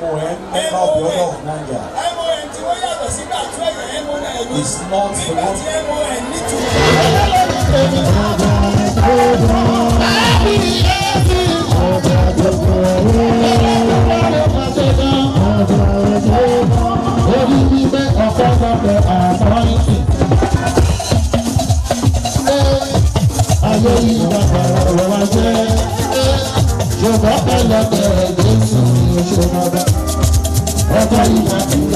MON ẹ̀kọ́ bí ọlọ́run náà yà. MON tí wọ́n yàtọ̀ Gracias.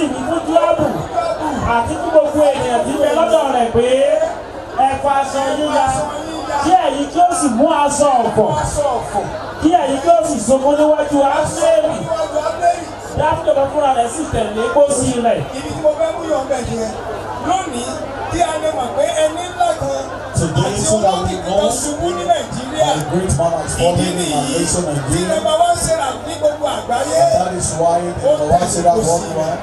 sì ní fún kílọ́ọ̀bù àti fún gbogbo ènìyàn tí bẹ lọ́dọ̀ rẹ̀ pé ẹ̀kọ́ aṣọ yíya kí ẹ̀yin kí ó sì mú aṣọ ọ̀fọ̀ kí ẹ̀yin kí ó sì sunkún níwájú ábúrẹ́lì dáfídì ọ̀gá fúnra rẹ̀ sì tẹ̀lé kó sí rẹ̀. ibi tí mo fẹ́ mú yọ̀ bẹ̀ yẹn lónìí kí a lè mọ̀ pé ẹni ńlá kan àti olókìkí kan ṣubú ní nàìjíríà ìdí nìyí tí nàìjíríà bá ṣe rà ní gbogbo àgbáyé ó ti kò sí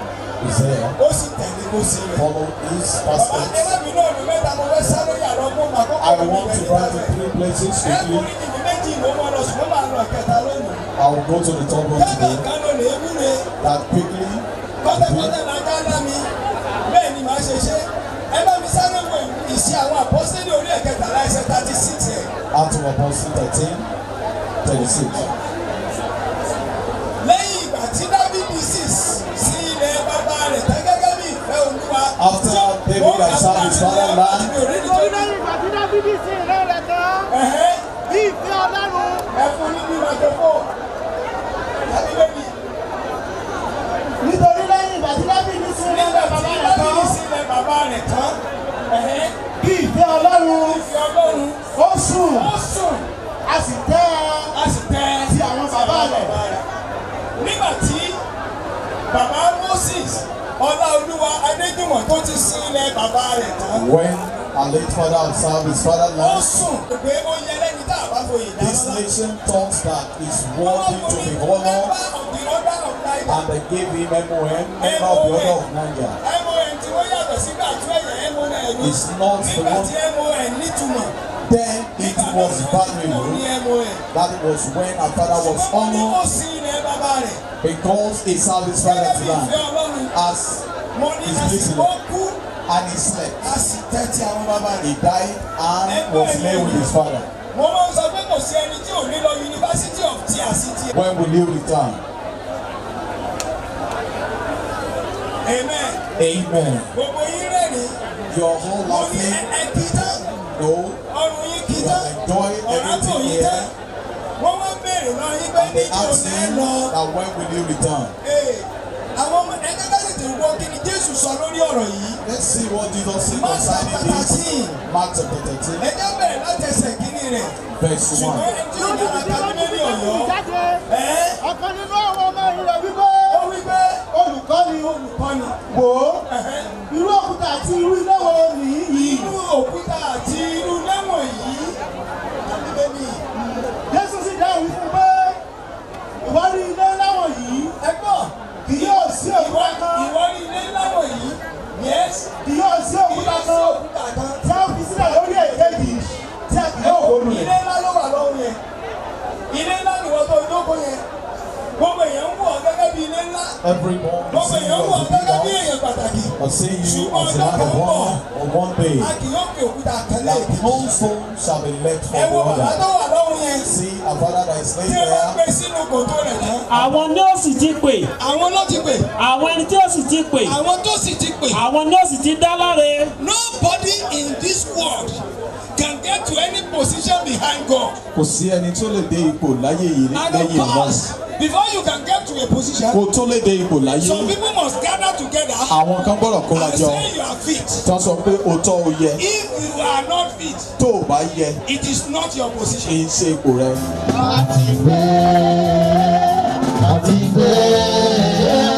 his hair. ó tẹ̀lé bó ṣe rẹ̀. follow his pastor. bàbá ẹgbẹ́ náà ní mẹ́ta mo fẹ́ sáré yàrá ọgbọ́n mà kọ́kọ́ mi bẹ̀rẹ̀ I want to drive to three places to you. ẹ̀kúrin ni méjì ló mọ lọ ṣùgbọ́n màá lọ kẹta lónìí. I will go to the third one today. kẹ́kẹ́ kan ló lè wúre. that quickly. kọ́tẹ́kọ́tẹ́ máa dá dá mi bẹ́ẹ̀ ni màá ṣe ṣe ẹ bá mi sáré wọ ìṣe àwọn àpọ́sílẹ̀ orí ẹ̀kẹtàlá ẹsẹ̀ thirty six yẹn. out of apostle thirteen thirty six. after David had served his fatherland. Bí ìfẹ́ Ọlọ́run. Ẹ fún ní bí màjọ̀fọ́. Tàbí bẹ́ẹ̀ni. Nítorí lẹ́yìn ìgbà tí Dábìlì sílẹ̀ bàbá rẹ̀ tán. Dábìlì sílẹ̀ bàbá rẹ̀ tán. Bí ìfẹ́ Ọlọ́run. Ìfẹ́ Ọlọ́run. Ó sùn. Ó sùn. A sì tẹ́. A sì tẹ́. Ti àwọn bàbá rẹ̀. Nígbà tí bàbá Moses. Ọláolúwa Adéjùmọ̀ tó ti sí ilẹ̀ When our late father had his fatherland. This nation thought that is worthy to be honored, and they gave him MON, member of the Order of Niger. MON It's not the one. Then it was valuable. That was when our father was honored because he served his fatherland as his listening and he slept. As sì tẹ́tí àwọn bàbá rẹ̀. he died and was laid with his father. wọ́n máa ń sọ pé kò sí ẹni tí ò ní lọ University of Tiasiti. when will you return? amen. amen. gbogbo yín rẹ̀rìn. your whole life. mo ní ẹ tán. no. ọrùn yín kí tán. you are everything here. wọ́n wá bèrè lọ yín pé níjọ́ lẹ́nu. and they ask you that when will you return? Hey àwọn ọmọ ẹ̀ka láti tètè wọ kí Jésù sọ lórí ọ̀rọ̀ yìí. let's see what Jesus said concerning this Mark chapter thirteen. ẹ jẹ́ bẹ̀rẹ̀ láti ẹsẹ̀ kínní rẹ̀. verse one. ṣùgbọ́n ẹni tí ó ní ọ̀yọ́. ọ̀kan nínú àwọn ọmọ ẹ̀yìn rẹ̀ wípé. ó wípé. olùkọ́ni olùkọ́ni. wò ó. irú òkúta àti irú iná wo nìyí. irú òkúta àti irú kì yóò sí òkúta kan tí a fi sílẹ̀ lórí èkejì tí a kì yóò wó lulẹ̀. ilé ńlá ló wà lọ́wọ́ yẹn ilé ńlá nìwọ́n tó ìdókòó yẹn gbogbo èèyàn ń every morning. Mo pè yóò wọ gẹ́gẹ́ bí èèyàn pàtàkì. I see you as a man of one or one day. A kì yóò fi òkúta àtẹlé èkejì. That also shall be left for the other. Ẹ wo bàbá tó wà lọ́rùn yẹn. See a father that is laying there. Tí wọ́n gbé sínú kòtò rẹ̀ tán. Àwọn ni ó sì ti pè. Àwọn ló ti pè. Àwọn ẹni tí ó sì ti pè. Àwọn tó sì ti pè. Àwọn ni ó sì ti dá láre. Nobody in this world can get to any position behind God. Kò sí ẹni tó lè dé ipò láyé yìí lẹ́yìn náà. Before you can get to a position. Kò tó lè dé ipò láyé. Some people must gather together. Àwọn kan gbọ́dọ̀ kóra jọ. And say you are fit. Tán sọ pé o tọ́ o yẹ. If you are not fit. Tó o bá yẹ. It is not your position. Kì í ṣe ipò rẹ. Láti gbé, láti gbé.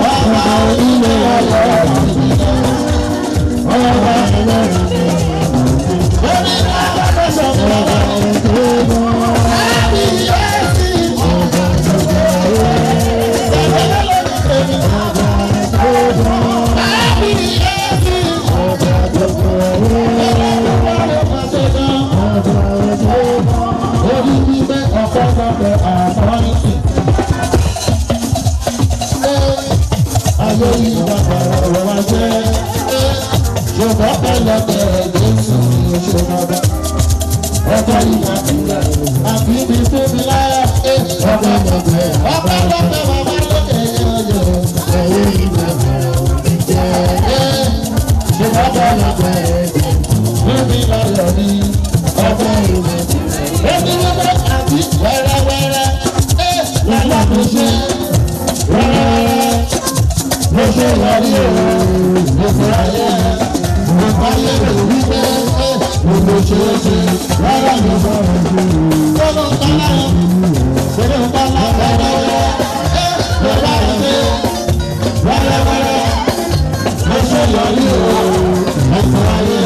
Ọba onílé ọlọ́run ọ̀pọ̀lọpọ̀ àwọn. lọ́kẹ̀rẹ̀ jésù ìṣòro. ọjọ́ ìyá ìyá àbí mi fún mi láyà ẹ̀ ọmọ ọmọ ọmọ lọ́kẹ̀ bàbá lọ́kẹ̀ yọ̀yọ̀ ẹ̀yẹ ìgbà mi jẹ́ ẹ̀ ṣe bàbá lọ́kẹ̀ fún mi lọ́yọ̀ ni ọjọ́ ìyá èmi ló bá àbí wẹ́rẹ́wẹ́rẹ́ ẹ̀ lọ́la mo ṣe wẹ́rẹ́wẹ́rẹ́ mo ṣe wọlé o mo fura yẹn àgbáyé rẹ̀ wípé gbogbo ṣeé ṣe rárá mi bá rẹ̀ ṣe rè é. ń bá lára sọ́dọ̀ ń bá lára lọ́wọ́ lọ́wọ́ rẹ̀ ṣe wẹ́rẹ́wẹ́rẹ́ mo ṣe yọrí o ẹ̀sán ayé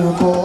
Liverpool.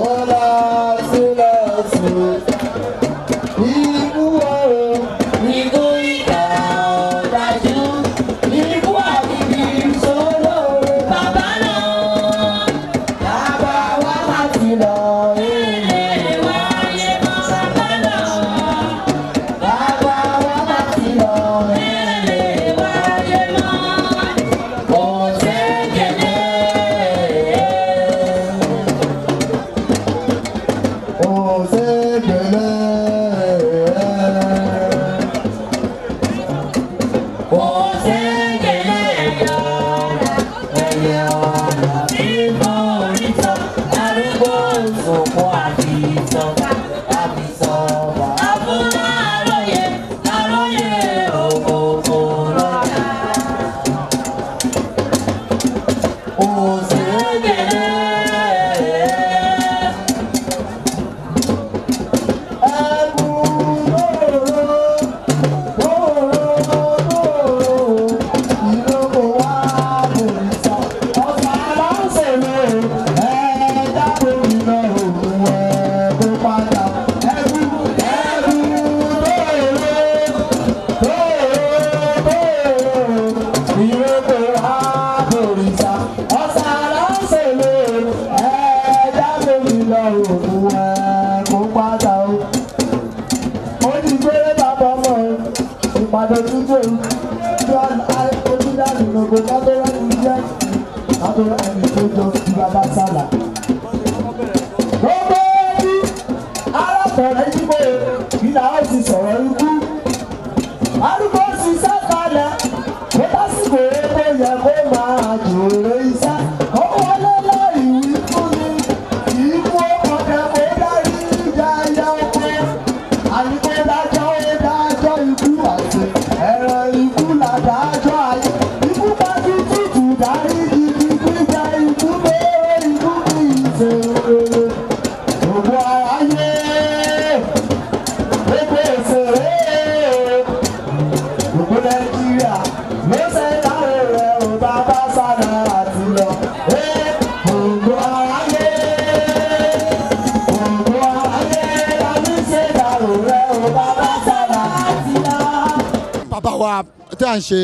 ṣe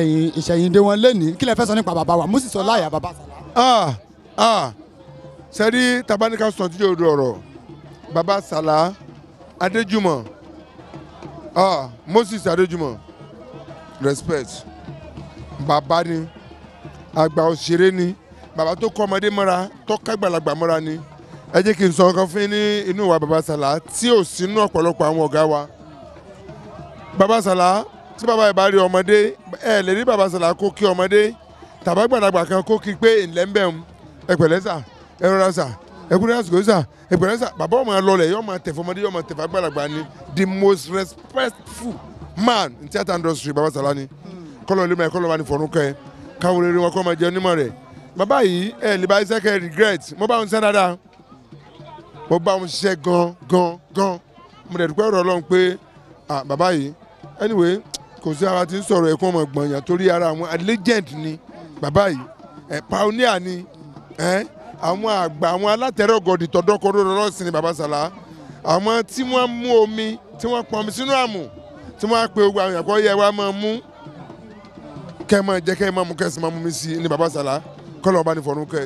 ẹ̀yìn ìṣẹ̀yìndé wọn lẹ́nìí kí lẹ fẹ́ sọ nípa bàbá wa Moses Ọláìyá bàbá Sàlá. sẹ́rí tabaníkà sọ tí yóò dọ̀rọ̀ bàbá Sàlá Adéjùmọ̀ Moses Adéjùmọ̀ respect bàbá ni àgbà òṣèré ni bàbá tó kọ́ ọmọdé mọ́ra tó kágbàlagbà mọ́ra ni ẹ jẹ́ kí n sọ nǹkan fún yín ní inú ìwà bàbá Sàlá tí ò sínú ọ̀pọ̀lọpọ̀ àwọn ọ̀gá wa bàbá Sàlá tí bàbá yìí bá rí ọmọdé ẹ lè rí bàbá sàlá kó kí ọmọdé tàbágbàdàgbà kan kó kí pé ńlẹ́ ń bẹ̀ ń ẹ̀pẹ̀lẹ́sà ẹ̀rọ̀rasà ẹ̀kúnrẹ́ àsìkò sà ẹ̀pẹ̀lẹ́sà bàbá ọmọ lọlẹ̀ yọ ọmọ tẹ̀fọ́ ọmọdé yọ ọmọ tẹ̀fọ́ àgbàlagbà ni the most respectful man in theatre industry bàbá sàlá ni kọ́lọ̀ lè máa kọ́lọ̀ máa ní fọ̀nù kẹ́ káwọn rere wọn kọ́ máa jẹ onímọ̀ rẹ̀ bàbá yìí ẹ̀ lè bá iṣẹ́ kẹ́ regret mo bá wọn ṣiṣẹ́ dáadáa mo bá wọn ṣiṣẹ́ gan gan gan mo dẹ̀ dúpẹ́ ọ̀rọ̀ ọlọ́run anyway kò sí ara tí ń sọ̀rọ̀ ẹ̀kọ́ ọmọ gbọ̀nyàn torí ara àwọn legend ni bàbá yìí ẹ̀ pioneer ni ẹ̀ àwọn àgbà àwọn alátẹ̀rẹ̀ ọ̀gọ̀dì tọ̀dọ́kọ̀rọ̀ lọ́rọ́ sí ni bàbá Sàlá àwọn tí wọ́n mú omi tí wọ́n pọnmi sínú àmù tí wọ́n á pe ogun àwọn ẹ̀kọ́ yẹ wa máa mú kẹ́ máa jẹ́ kẹ́ máa mú kẹ́ sì máa mú mi sí ni bàbá Sàlá kọ́lọ́ ọba ní fọ̀rún kẹ́.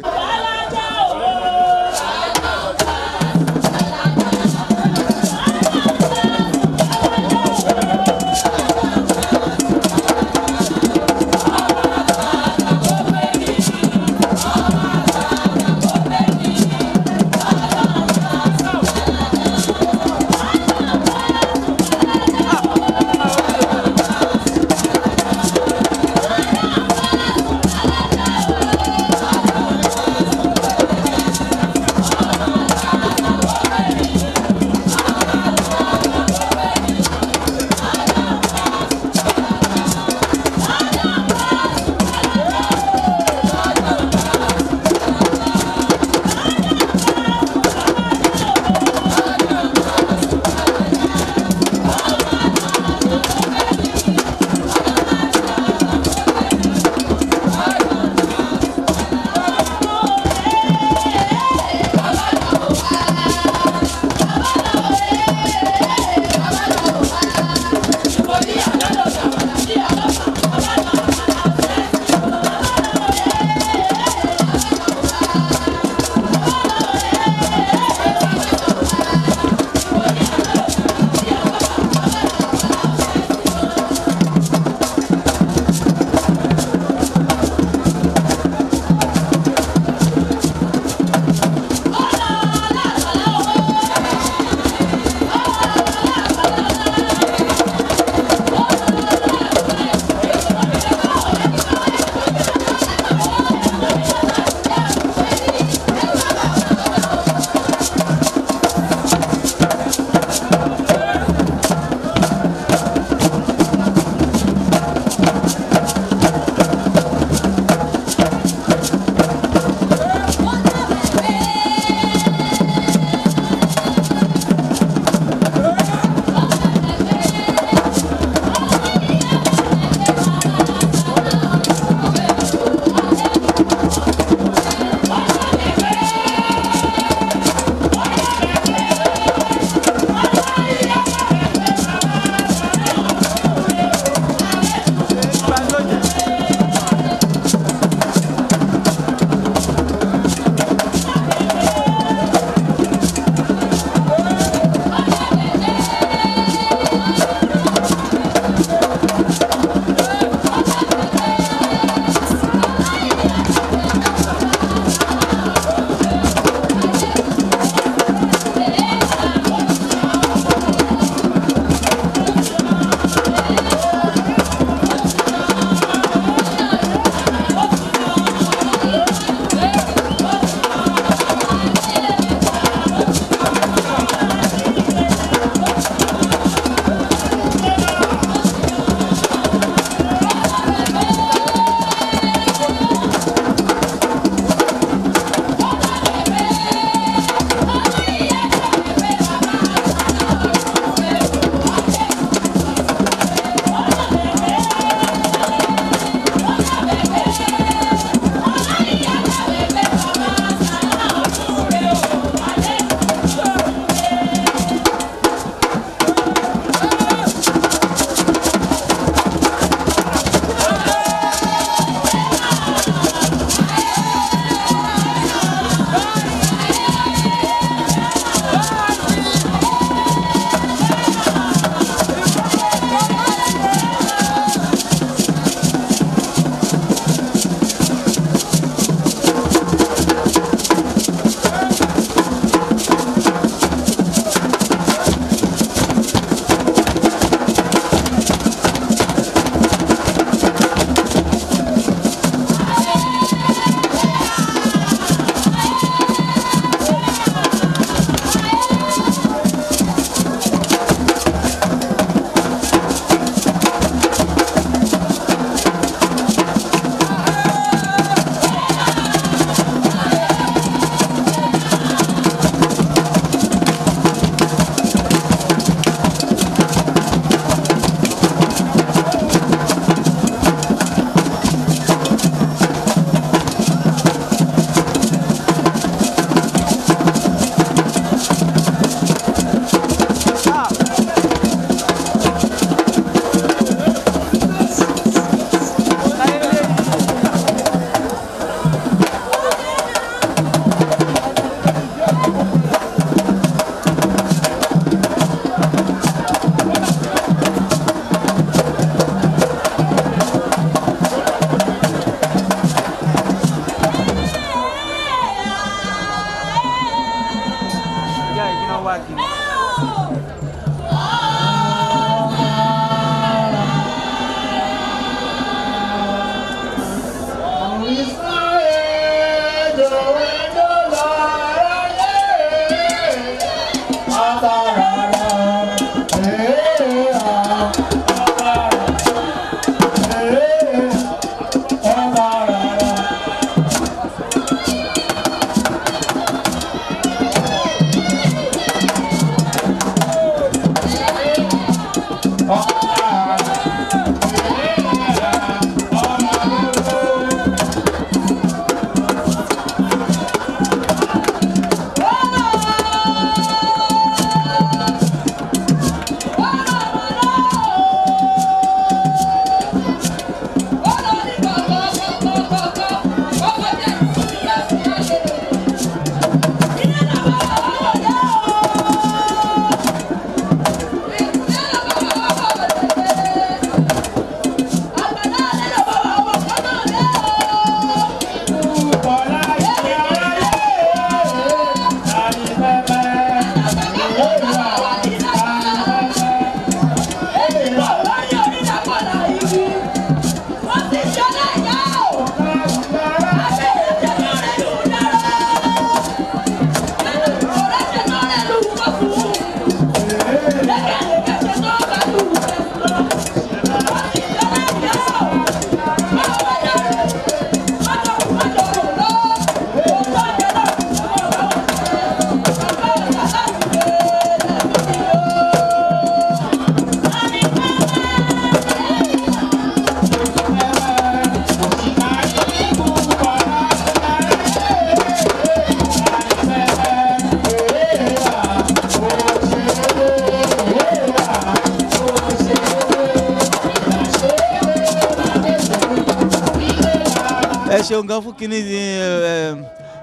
ṣeun gan fún kínní eh,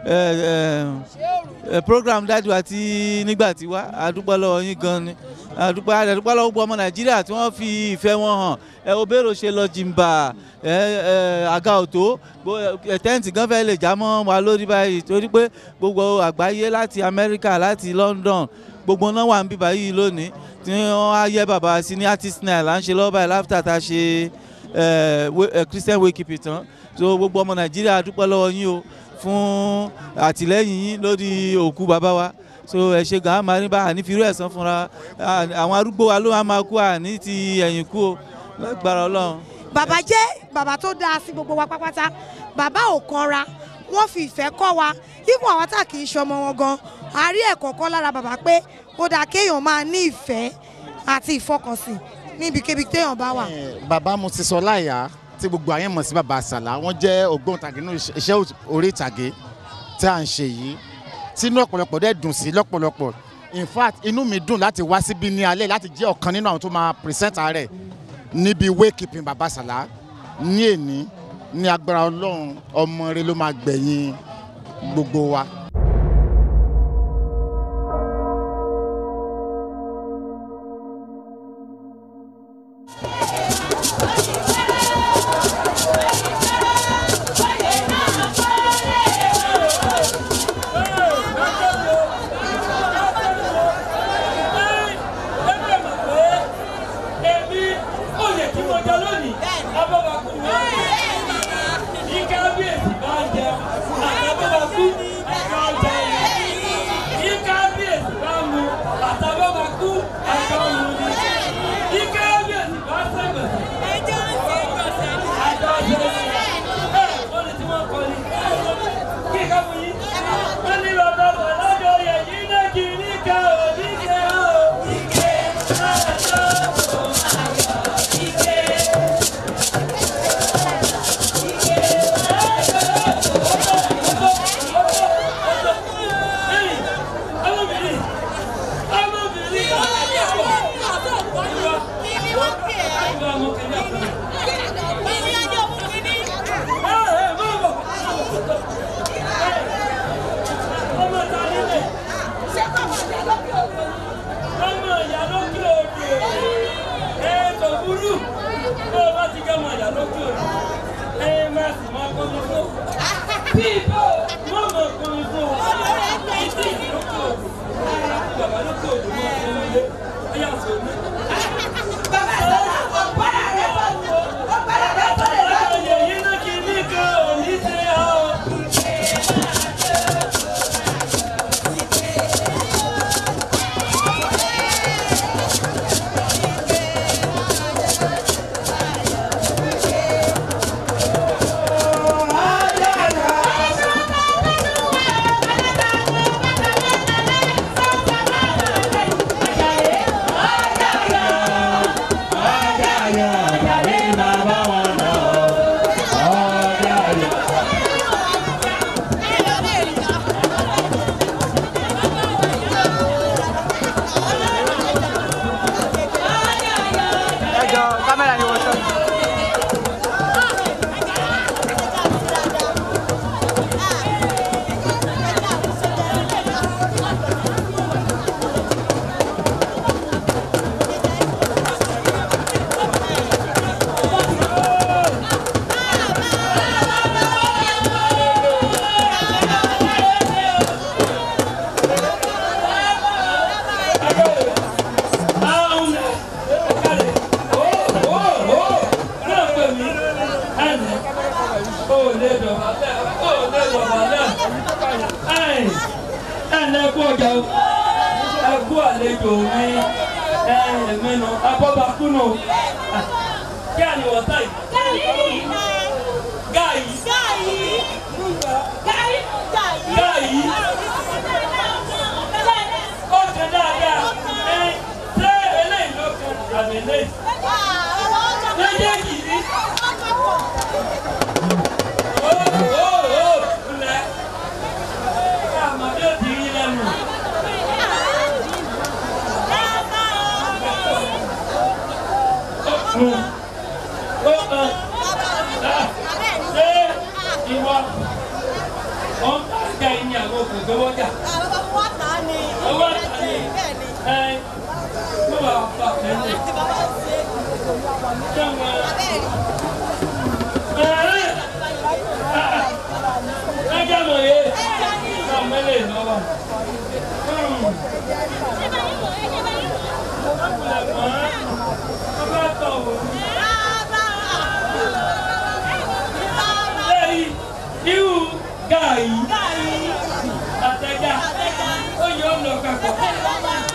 eh, eh, program dájú àti nígbà tí wá àdúpẹ́ lọ́wọ́ yín gan ni àdúpẹ́ àdúpẹ́ lọ́wọ́ gbogbo ọmọ nàìjíríà tí wọ́n fi ìfẹ́ wọn hàn ẹ obèrò ṣe lọ jìǹbà ẹ ẹ àga òtó tẹ́ǹtì gan fẹ́ lè já mọ́ wa lórí báyìí torí pé gbogbo àgbáyé láti amẹ́ríkà láti london gbogbo náà wà ń bíbá yìí lónìí tí wọ́n á yẹ bàbá sí ní artist night là ń ṣe lọ́wọ́ báyìí láfítà tá a ṣe christian wake tán so gbogbo ọmọ nàìjíríà dúpẹ́ lọ́wọ́ yín o fún àtìlẹ́yìn yín lórí òkú bàbá wa so ẹ ṣe gan an máa ní bá àní fi irú ẹ̀san fúnra àwọn arúgbó wa ló máa kú àní ti ẹ̀yìn kú o lágbára ọlọ́run. bàbá jẹ́ bàbá tó dáa sí gbogbo wa pápátá bàbá ò kanra wọ́n fi ìfẹ́ kọ́ wa even àwọn tá kì í ṣọmọ wọn gan a rí ẹ̀kọ́ kọ́ lára bàbá pé ó dáa kéèyàn máa ní ìfẹ́ àti ìfọkànsìn níbikíbi téèyàn bá wà. bàbá mo ti sọ láyà tí gbogbo ayé mọ̀ sí bàbá àsàlà wọ́n jẹ́ ògbóǹtagì nínú iṣẹ́ orí ìtàgé tí à ń ṣe yìí tínú ọ̀pọ̀lọpọ̀ dẹ́ dùn sí lọ́pọ̀lọpọ̀ in fact inú mi dùn láti wá síbí ní alẹ́ láti jẹ́ ọ̀kan nínú àwọn tó máa present rẹ̀ níbi wakekeeping bàbá àsàlà ní èní ní agbára ọlọ́run ọmọ rẹ ló máa gbẹ̀yìn gbogbo wa. lên lên lên gì đi ô ô ô lẹ làm mà đưa thì lên Ừ. Ừ. Ừ. Đó. Đi. Đi qua. Con cái nhà cô của cô cha. Gai. Gai. Atega. Oyo no kako.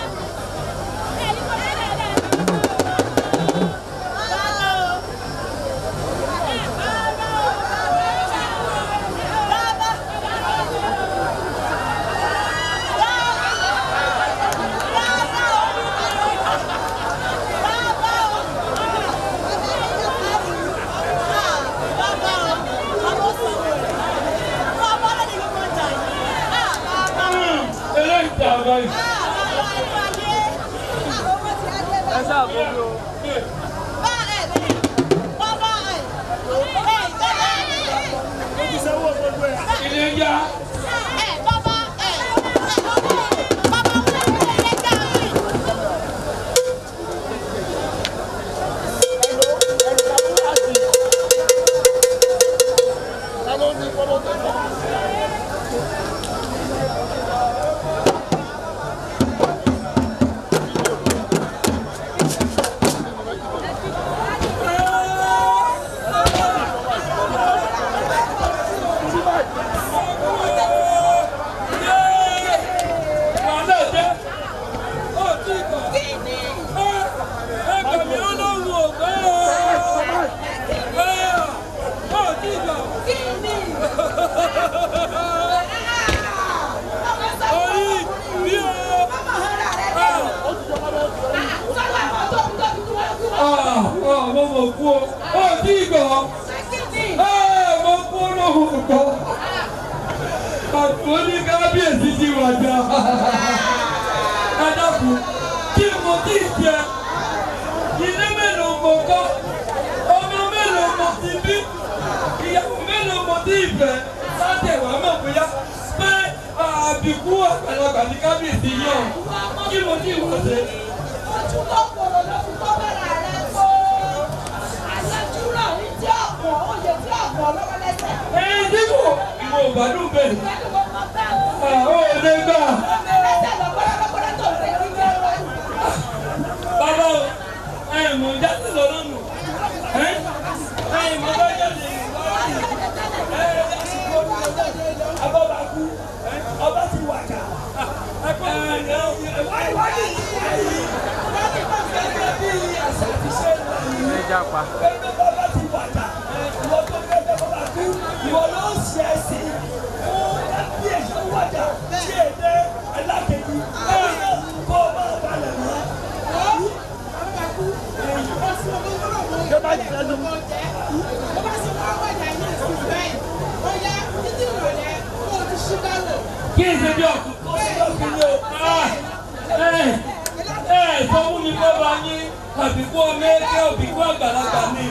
ìsọfúnni fẹ́ bá yín àbíkú ọmọ ẹgbẹ́ òbíkú àgbàlagbà ni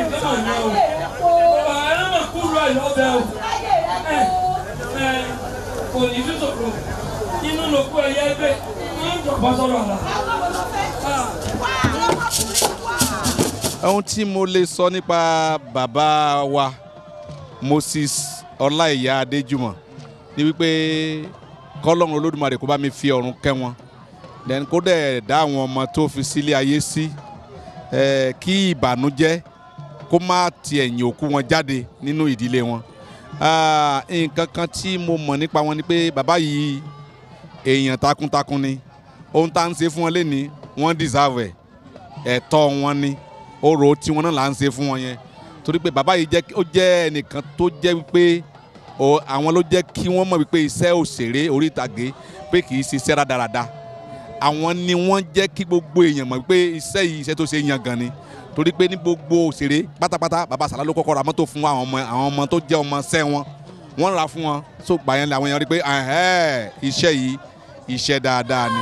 ìfẹ́mọ̀ ni o bàbá ẹlẹ́mọ̀ kúrú àìlọ́bẹ̀ o kò ní sí sòkò inú ló kú ẹyẹ ẹgbẹ́ ní ìjọba sọ̀rọ̀ àlà. ohun tí mo lè sọ nípa bàbá wa Moses Ọláìyá Adéjùmọ̀ ni wípé kọ́lọ́run Olódùmarè kó bá mi fi ọ̀run kẹ́ then kó dẹ̀ dá àwọn ọmọ tó fi sílé ayé sí kí ìbànújẹ́ kó má ti ẹ̀yìn òkú wọn jáde nínú ìdílé wọn nǹkan kan tí mo mọ̀ nípa wọn ni pé bàbá yìí èèyàn takuntakun ni ohun tá à ń ṣe fún wọn lénìí wọ́n deserve ẹ̀tọ́ wọn ni ọ̀rọ̀ tí wọn náà là ń ṣe fún wọn yẹn torí pé bàbá yìí ó jẹ́ ẹnìkan tó jẹ́ wípé àwọn ló jẹ́ kí wọ́n mọ̀ wípé iṣẹ́ òṣèré orí ìtàgé pé kì í ṣiṣẹ́ rádaràda àwọn ni wọ́n jẹ́ kí gbogbo èèyàn mọ̀ pé iṣẹ́ yìí iṣẹ́ tó ṣe yan gan ni torí pé ní gbogbo òṣèré pátápátá bàbá Sàlá ló kọ́kọ́ ra mọ́tò fún àwọn ọmọ àwọn ọmọ tó jẹ́ ọmọ sẹ́ wọn wọ́n ra fún wọn so gbà yẹn làwọn èèyàn rí pé iṣẹ́ yìí iṣẹ́ dáadáa ni.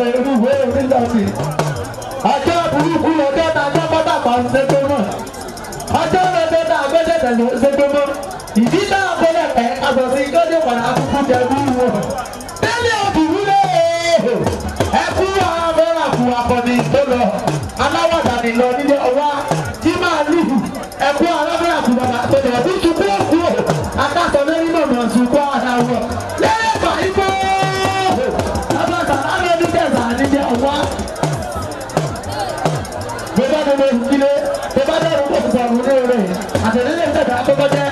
ṣe irúwé orílẹ̀-èdè ajá burúkú ọjọ́ náà ajá pátápá ń ṣe tó mọ̀ ajá lọ́dẹ náà gbẹ́dẹ̀dẹ̀ ló ń ṣe tó mọ̀ ìdí náà gbọ́dẹ̀ pẹ́ àgbọ̀nsìn ìjọ́dé padà kúkú jẹ búrú wọn. délé òbúrúlé ẹkú àbọ̀rà fún akọni tó lọ aláwàdà nìlọ nílé ọwá tí máa lù ẹkú alábọ̀rà fún bàbá tó ti dílé tó bá dẹ̀rù tó ti bọ̀rù ní rẹ̀ àtẹ̀lẹ́lẹ̀ ń tẹ̀dá tó kọjá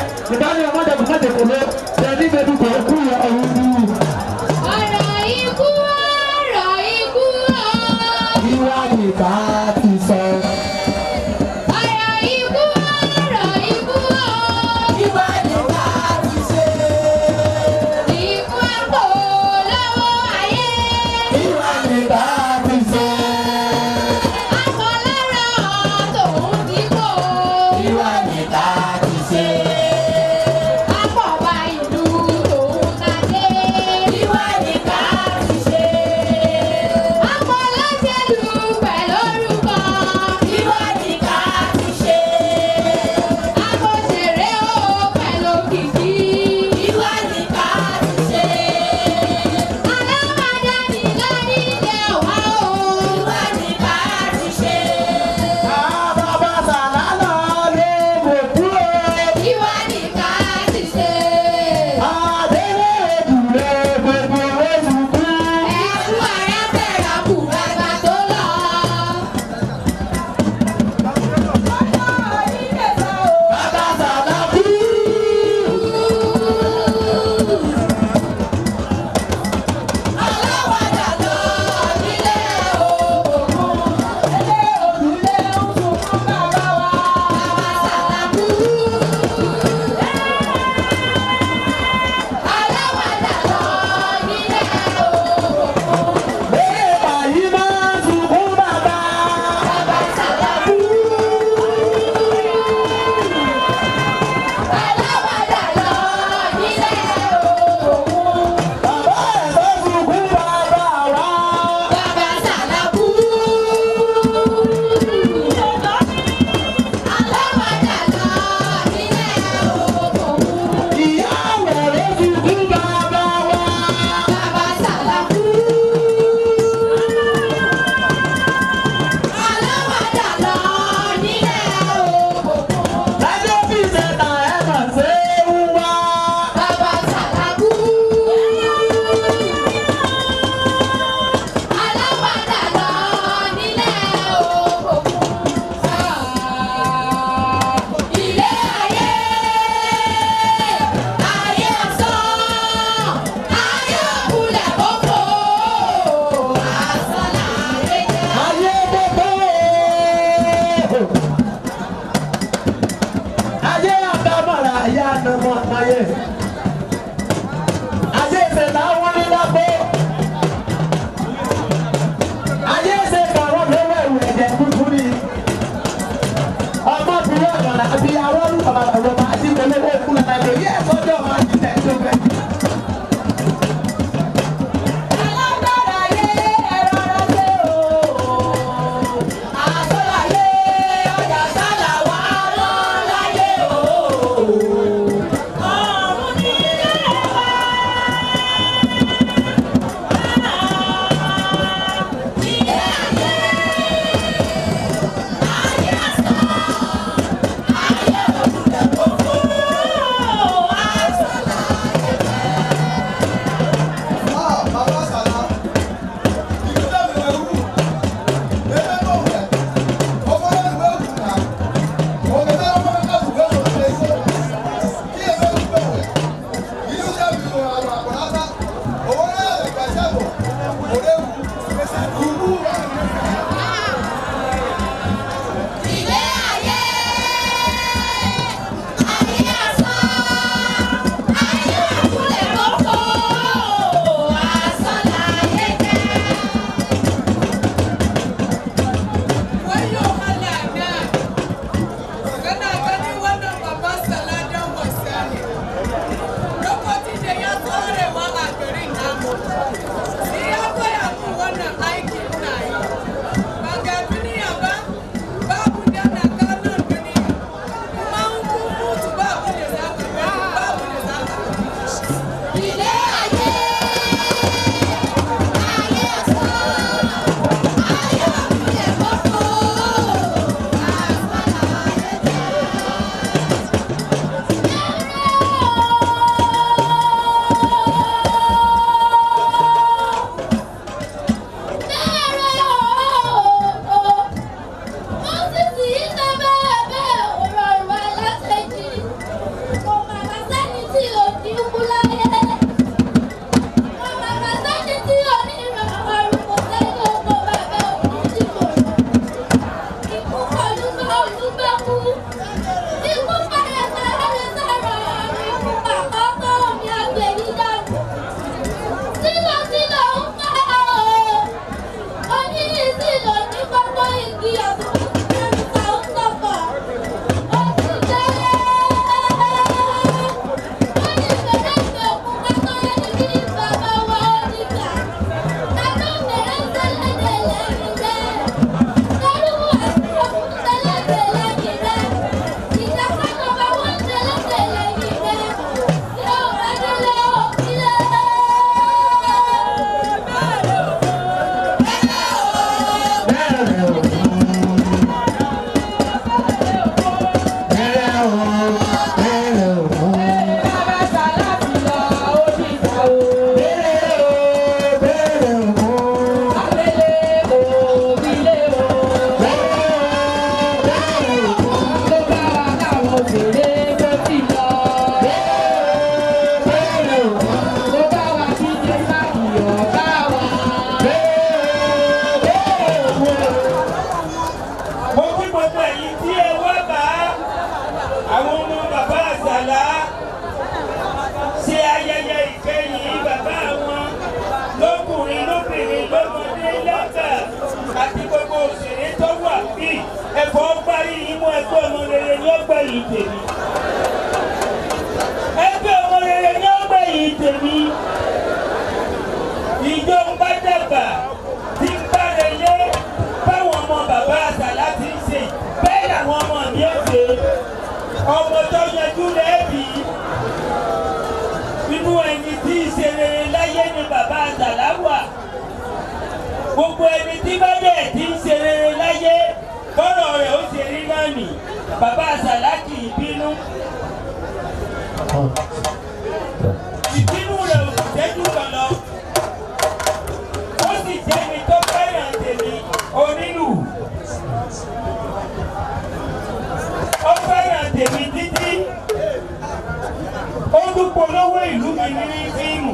ìlú mi ní fíìmù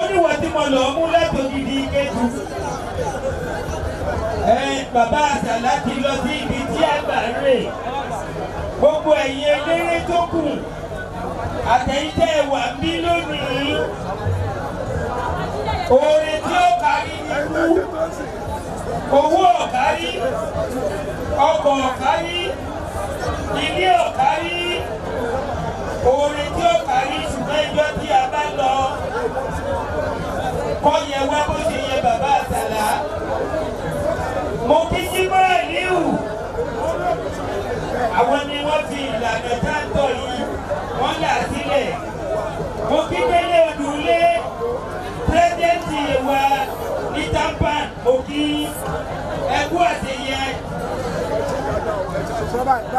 oníwà tí mo lọ mú láti odidi Kétu bàbá àṣàlá lọ sí ibi tí àgbà rè gbogbo ẹ̀yin eléré tó kù àtẹ̀yìntẹ́ wà bí lónìí oore tí ó kárí ni kú owó ọ̀kárí ọkọ̀ ọ̀kárí ilé ọ̀kárí oore tí ó kárí lẹ́jọ́ tí a bá lọ kọ́ yẹ wá bó ṣe yẹ bàbá àtàlà mo kí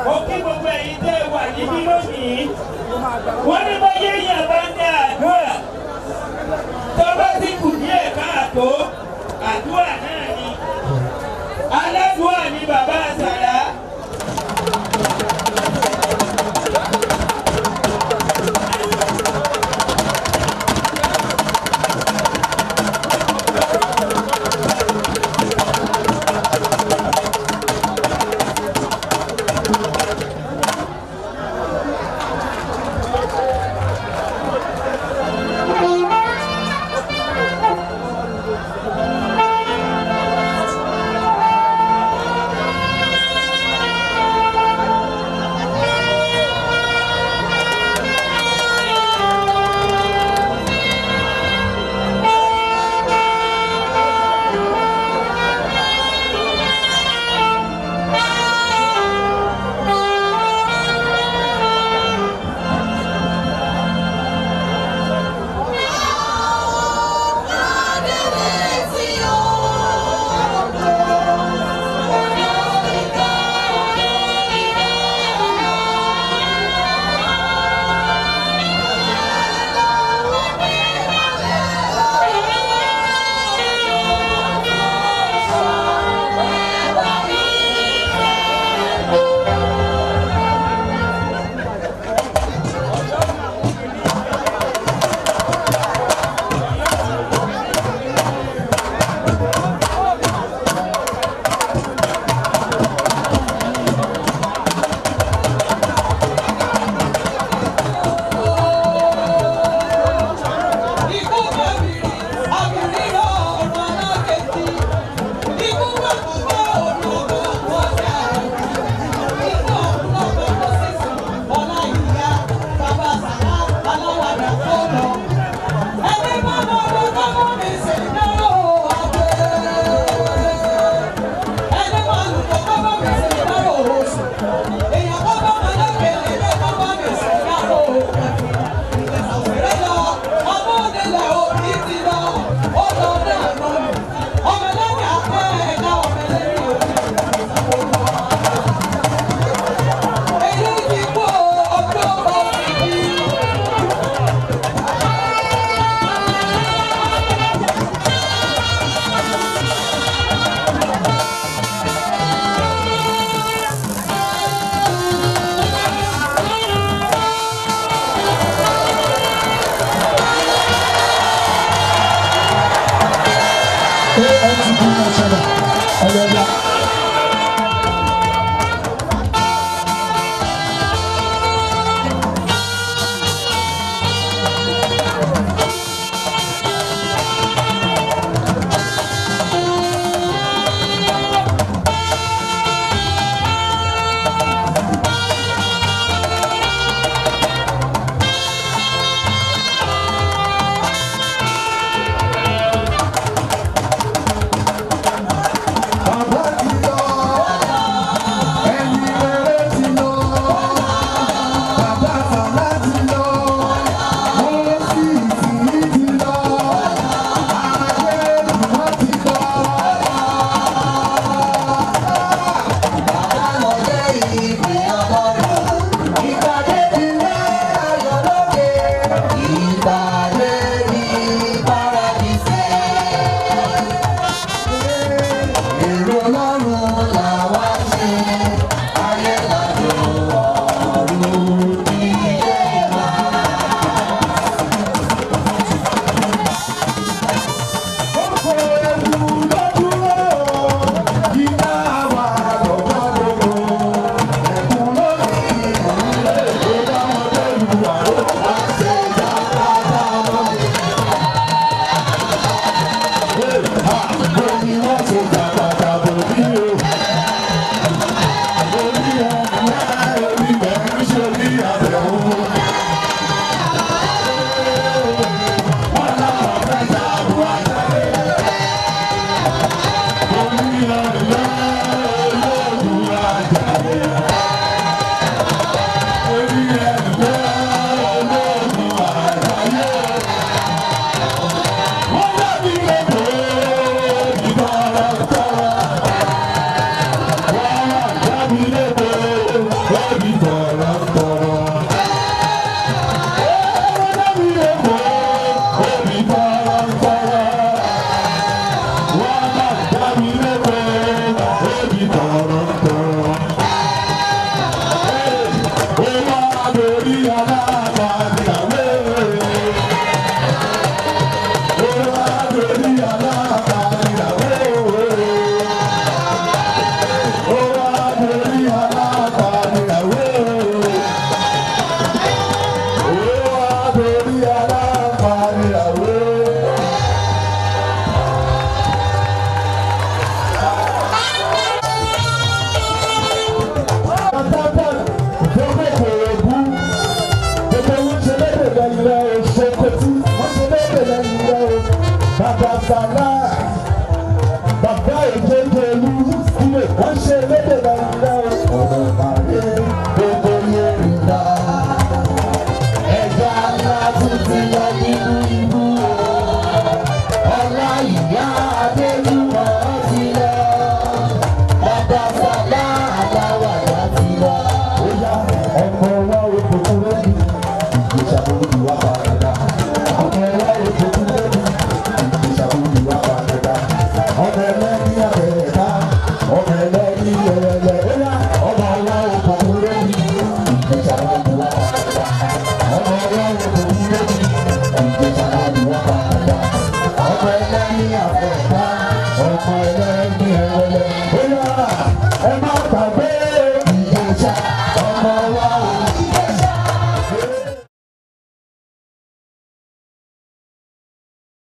mo kí gbogbo ẹ̀yin tẹ́ wà níbí lónìí wọ́n ní bá yé èèyàn bá ń dá àdúrà tó bá ti àdúrà. AMC International. Ọ̀yọ̀dà.